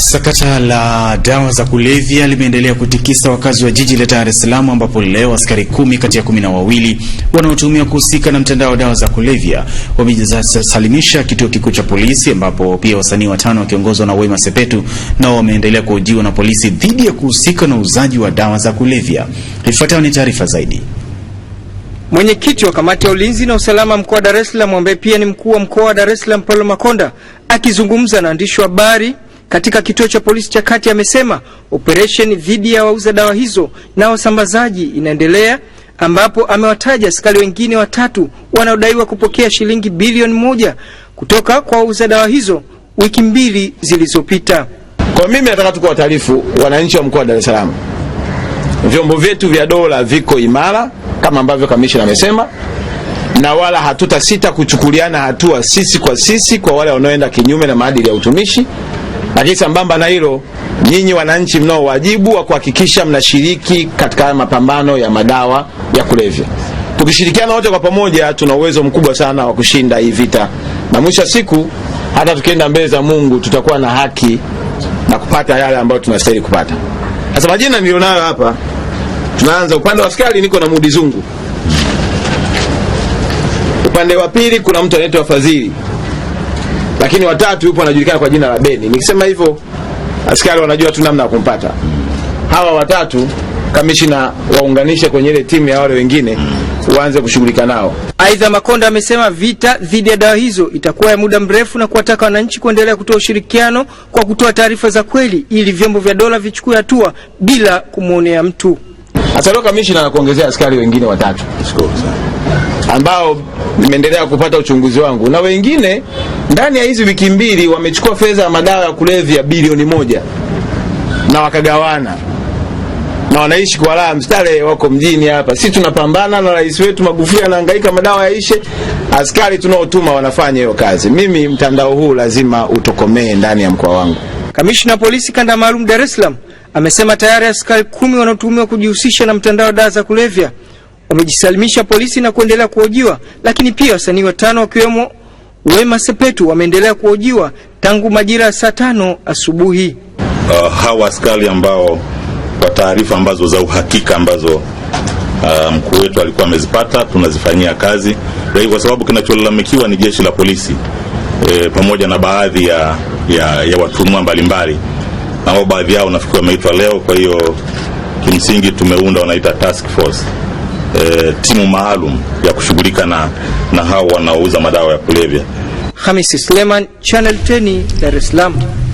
Sakata la dawa za kulevya limeendelea kutikisa wakazi wa jiji la Dar es Salaam ambapo leo askari kumi kati ya kumi na wawili wanaotumia kuhusika na mtandao wa dawa za kulevya wamejisalimisha kituo kikuu cha polisi, ambapo pia wasanii watano wakiongozwa na Wema Sepetu nao wameendelea kuhojiwa na polisi dhidi ya kuhusika na uuzaji wa dawa za kulevya. Ifuatayo ni taarifa zaidi. Mwenyekiti wa kamati ya ulinzi na usalama mkoa wa Dar es Salaam ambaye pia ni mkuu wa mkoa wa Dar es Salaam Paulo Makonda akizungumza na waandishi wa habari katika kituo cha polisi cha Kati amesema operesheni dhidi ya wauza dawa hizo na wasambazaji inaendelea, ambapo amewataja askari wengine watatu wanaodaiwa kupokea shilingi bilioni moja kutoka kwa wauza dawa hizo wiki mbili zilizopita. Kwa mimi nataka tukuwa taarifu wananchi wa mkoa wa Dar es Salaam, vyombo vyetu vya dola viko imara kama ambavyo kamishina amesema, na wala hatutasita kuchukuliana hatua sisi kwa sisi kwa wale wanaoenda kinyume na maadili ya utumishi. Lakini sambamba na hilo, nyinyi wananchi mnao wajibu wa kuhakikisha mnashiriki katika mapambano ya madawa ya kulevya. Tukishirikiana wote kwa pamoja, tuna uwezo mkubwa sana wa kushinda hii vita, na mwisho wa siku hata tukienda mbele za Mungu tutakuwa na haki na kupata yale ambayo tunastahili kupata. Sasa majina nilionayo hapa, tunaanza upande wa askari, niko na Mudi Zungu. Upande wa pili kuna mtu anaitwa Fadhili lakini watatu yupo anajulikana kwa jina la Beni. Nikisema hivyo askari wanajua tu namna ya kumpata. Hawa watatu kamishina waunganishe kwenye ile timu ya wale wengine waanze kushughulika nao. Aidha, Makonda amesema vita dhidi ya dawa hizo itakuwa ya muda mrefu na kuwataka wananchi kuendelea kutoa ushirikiano kwa kutoa taarifa za kweli ili vyombo vya dola vichukue hatua bila kumwonea mtu. asalio kamishina na kuongezea askari wengine watatu ambao nimeendelea kupata uchunguzi wangu na wengine ndani ya hizi wiki mbili wamechukua fedha ya madawa ya kulevya bilioni moja na wakagawana na wanaishi kwa raha mstare, wako mjini hapa. si tunapambana na rais wetu Magufuli anahangaika madawa yaishe, askari tunaotuma wanafanya hiyo kazi. Mimi mtandao huu lazima utokomee ndani ya mkoa wangu. Kamishna polisi kanda maalum Dar es Salaam amesema tayari askari kumi wanaotuhumiwa kujihusisha na mtandao wa dawa za kulevya wamejisalimisha polisi na kuendelea kuhojiwa, lakini pia wasanii watano wakiwemo Wema Sepetu wameendelea kuhojiwa tangu majira ya saa tano asubuhi. Uh, hawa askari ambao kwa taarifa ambazo za uhakika ambazo uh, mkuu wetu alikuwa amezipata tunazifanyia kazi, lakini kwa sababu kinacholalamikiwa ni jeshi la polisi e, pamoja na baadhi ya, ya, ya watumwa mbalimbali ambao baadhi yao nafikiri wameitwa leo. Kwa hiyo kimsingi tumeunda wanaita task force e, timu maalum ya kushughulika na, na hao wanaouza madawa ya kulevya. Hamisi Suleman, Channel 10, Dar es Salaam.